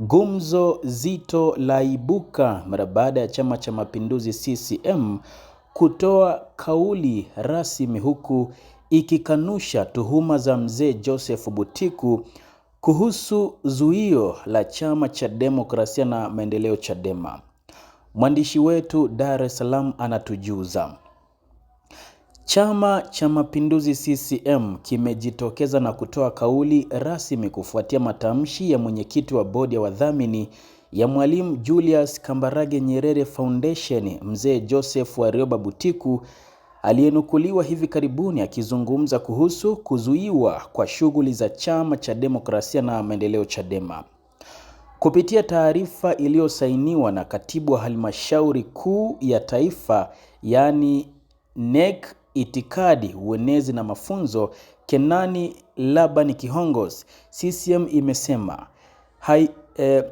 Gumzo zito laibuka mara baada ya Chama cha Mapinduzi CCM kutoa kauli rasmi huku ikikanusha tuhuma za mzee Joseph Butiku kuhusu zuio la Chama cha Demokrasia na Maendeleo Chadema. Mwandishi wetu Dar es Salaam anatujuza. Chama cha Mapinduzi CCM kimejitokeza na kutoa kauli rasmi kufuatia matamshi ya mwenyekiti wa bodi ya wadhamini ya Mwalimu Julius Kambarage Nyerere Foundation, Mzee Joseph Warioba Butiku aliyenukuliwa hivi karibuni akizungumza kuhusu kuzuiwa kwa shughuli za Chama cha Demokrasia na Maendeleo Chadema. Kupitia taarifa iliyosainiwa na Katibu wa Halmashauri Kuu ya Taifa, yaani NEC itikadi, uenezi na mafunzo, Kenani Laban Kihongos, CCM imesema hai, eh,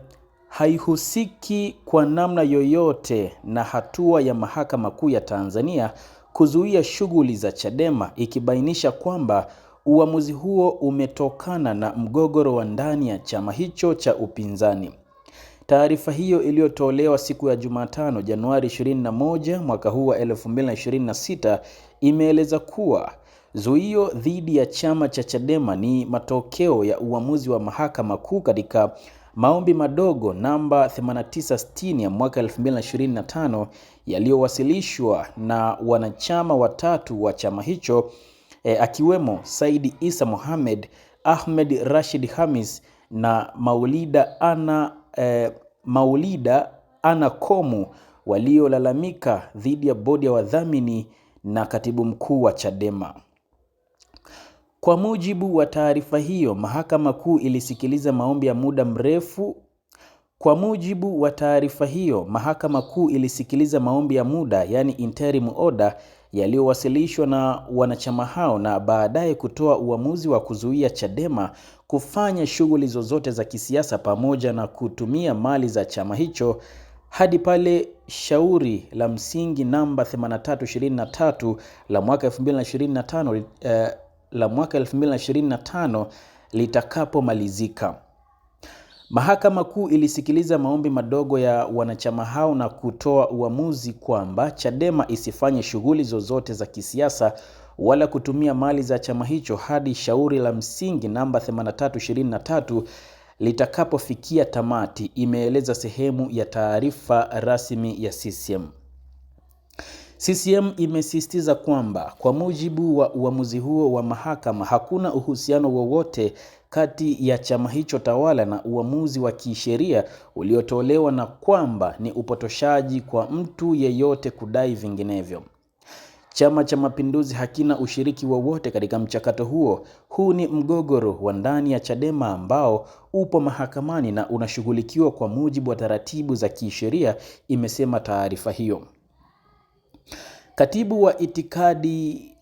haihusiki kwa namna yoyote na hatua ya Mahakama Kuu ya Tanzania kuzuia shughuli za Chadema ikibainisha kwamba uamuzi huo umetokana na mgogoro wa ndani ya chama hicho cha upinzani. Taarifa hiyo iliyotolewa siku ya Jumatano, Januari 21 mwaka huu wa 2026 imeeleza kuwa zuio dhidi ya chama cha Chadema ni matokeo ya uamuzi wa Mahakama Kuu katika maombi madogo namba 8960 ya mwaka 2025 yaliyowasilishwa na wanachama watatu wa chama hicho e, akiwemo Saidi Isa Mohamed, Ahmed Rashid Hamis na Maulida Ana eh, Maulida Komu waliolalamika dhidi ya bodi ya wadhamini na katibu mkuu wa Chadema. Kwa mujibu wa taarifa hiyo, mahakama kuu ilisikiliza maombi ya muda mrefu. Kwa mujibu wa taarifa hiyo, mahakama kuu ilisikiliza maombi ya muda, yani interim order yaliyowasilishwa na wanachama hao na baadaye kutoa uamuzi wa kuzuia Chadema kufanya shughuli zozote za kisiasa pamoja na kutumia mali za chama hicho hadi pale shauri la msingi namba 8323 la mwaka 2025 eh, la mwaka 2025 litakapomalizika. Mahakama Kuu ilisikiliza maombi madogo ya wanachama hao na kutoa uamuzi kwamba Chadema isifanye shughuli zozote za kisiasa wala kutumia mali za chama hicho hadi shauri la msingi namba 8323 litakapofikia tamati, imeeleza sehemu ya taarifa rasmi ya CCM. CCM imesisitiza kwamba kwa mujibu wa uamuzi huo wa mahakama hakuna uhusiano wowote kati ya chama hicho tawala na uamuzi wa kisheria uliotolewa na kwamba ni upotoshaji kwa mtu yeyote kudai vinginevyo. Chama cha Mapinduzi hakina ushiriki wowote katika mchakato huo. Huu ni mgogoro wa ndani ya Chadema ambao upo mahakamani na unashughulikiwa kwa mujibu wa taratibu za kisheria, imesema taarifa hiyo. Katibu wa itikadi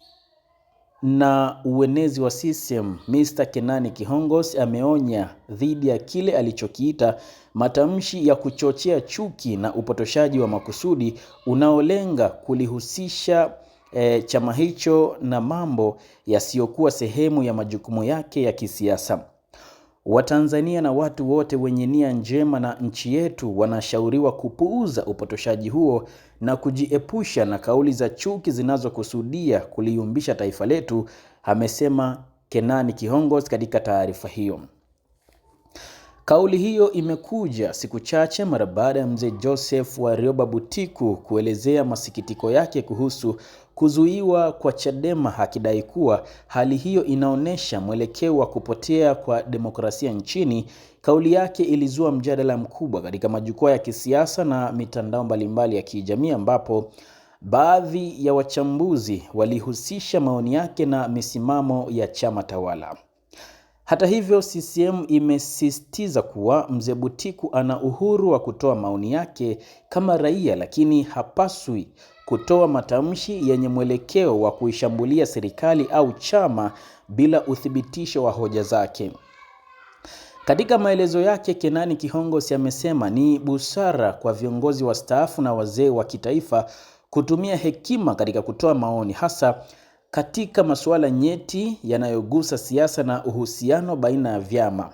na uenezi wa CCM Mr. Kenani Kihongos ameonya dhidi ya kile alichokiita matamshi ya kuchochea chuki na upotoshaji wa makusudi unaolenga kulihusisha e, chama hicho na mambo yasiyokuwa sehemu ya majukumu yake ya kisiasa. Watanzania na watu wote wenye nia njema na nchi yetu wanashauriwa kupuuza upotoshaji huo na kujiepusha na kauli za chuki zinazokusudia kuliumbisha taifa letu, amesema Kenani Kihongos katika taarifa hiyo. Kauli hiyo imekuja siku chache mara baada ya mzee Joseph Warioba Butiku kuelezea masikitiko yake kuhusu Kuzuiwa kwa Chadema akidai kuwa hali hiyo inaonyesha mwelekeo wa kupotea kwa demokrasia nchini. Kauli yake ilizua mjadala mkubwa katika majukwaa ya kisiasa na mitandao mbalimbali ya kijamii ambapo baadhi ya wachambuzi walihusisha maoni yake na misimamo ya chama tawala. Hata hivyo, CCM imesisitiza kuwa Mzee Butiku ana uhuru wa kutoa maoni yake kama raia, lakini hapaswi kutoa matamshi yenye mwelekeo wa kuishambulia serikali au chama bila uthibitisho wa hoja zake. Katika maelezo yake, Kenani Kihongosi amesema ni busara kwa viongozi wastaafu na wazee wa kitaifa kutumia hekima katika kutoa maoni hasa katika masuala nyeti yanayogusa siasa na uhusiano baina ya vyama.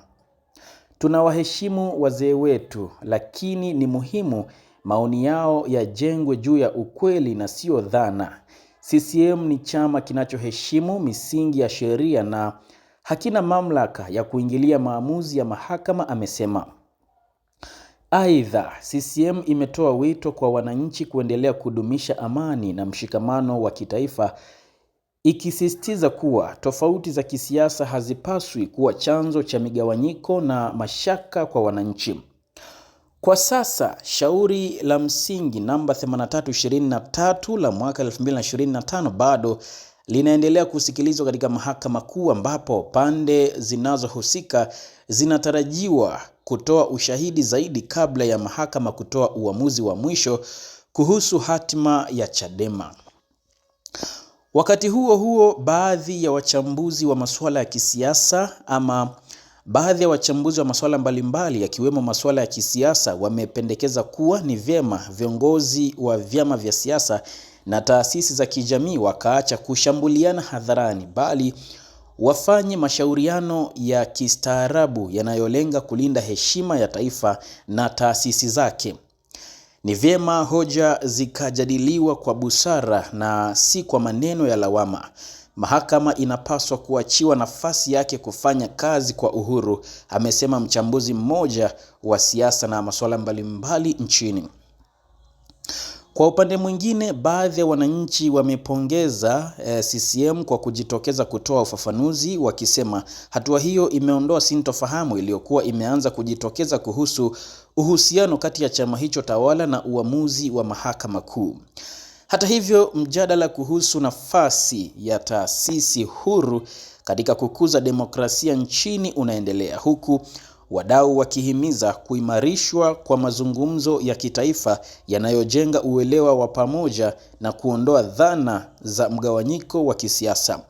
Tunawaheshimu wazee wetu, lakini ni muhimu maoni yao yajengwe juu ya ukweli na sio dhana. CCM ni chama kinachoheshimu misingi ya sheria na hakina mamlaka ya kuingilia maamuzi ya mahakama, amesema. Aidha, CCM imetoa wito kwa wananchi kuendelea kudumisha amani na mshikamano wa kitaifa ikisisitiza kuwa tofauti za kisiasa hazipaswi kuwa chanzo cha migawanyiko na mashaka kwa wananchi. Kwa sasa shauri la msingi namba 8323 la mwaka 2025 bado linaendelea kusikilizwa katika Mahakama Kuu ambapo pande zinazohusika zinatarajiwa kutoa ushahidi zaidi kabla ya mahakama kutoa uamuzi wa mwisho kuhusu hatima ya Chadema. Wakati huo huo, baadhi ya wachambuzi wa masuala ya kisiasa ama baadhi ya wachambuzi wa masuala mbalimbali yakiwemo masuala ya kisiasa wamependekeza kuwa ni vyema viongozi wa vyama vya siasa na taasisi za kijamii wakaacha kushambuliana hadharani, bali wafanye mashauriano ya kistaarabu yanayolenga kulinda heshima ya taifa na taasisi zake. Ni vyema hoja zikajadiliwa kwa busara na si kwa maneno ya lawama. Mahakama inapaswa kuachiwa nafasi yake kufanya kazi kwa uhuru, amesema mchambuzi mmoja wa siasa na masuala mbalimbali nchini. Kwa upande mwingine, baadhi ya wananchi wamepongeza eh, CCM kwa kujitokeza kutoa ufafanuzi wakisema hatua hiyo imeondoa sintofahamu iliyokuwa imeanza kujitokeza kuhusu uhusiano kati ya chama hicho tawala na uamuzi wa Mahakama Kuu. Hata hivyo, mjadala kuhusu nafasi ya taasisi huru katika kukuza demokrasia nchini unaendelea huku wadau wakihimiza kuimarishwa kwa mazungumzo ya kitaifa yanayojenga uelewa wa pamoja na kuondoa dhana za mgawanyiko wa kisiasa.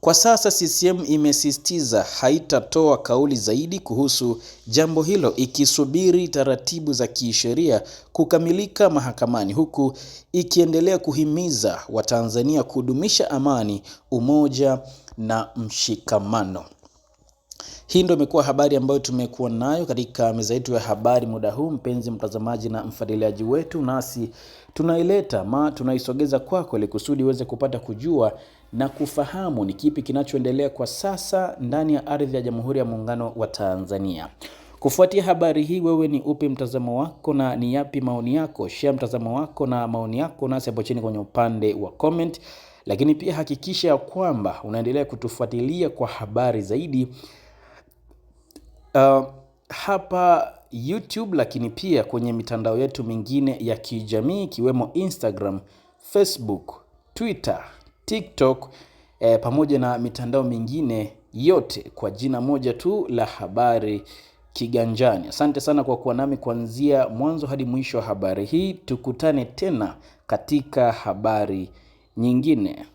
Kwa sasa CCM imesisitiza haitatoa kauli zaidi kuhusu jambo hilo ikisubiri taratibu za kisheria kukamilika mahakamani huku ikiendelea kuhimiza Watanzania kudumisha amani, umoja na mshikamano. Hii ndio imekuwa habari ambayo tumekuwa nayo katika meza yetu ya habari muda huu, mpenzi mtazamaji na mfuatiliaji wetu, nasi tunaileta ma tunaisogeza kwako ili kusudi uweze kupata kujua na kufahamu ni kipi kinachoendelea kwa sasa ndani ya ardhi ya Jamhuri ya Muungano wa Tanzania. Kufuatia habari hii, wewe ni upi mtazamo wako na ni yapi maoni yako? Share mtazamo wako na maoni yako nasi hapo chini kwenye upande wa comment, lakini pia hakikisha ya kwamba unaendelea kutufuatilia kwa habari zaidi uh, hapa YouTube, lakini pia kwenye mitandao yetu mingine ya kijamii ikiwemo Instagram, Facebook, Twitter, TikTok eh, pamoja na mitandao mingine yote kwa jina moja tu la Habari Kiganjani. Asante sana kwa kuwa nami kuanzia mwanzo hadi mwisho wa habari hii. Tukutane tena katika habari nyingine.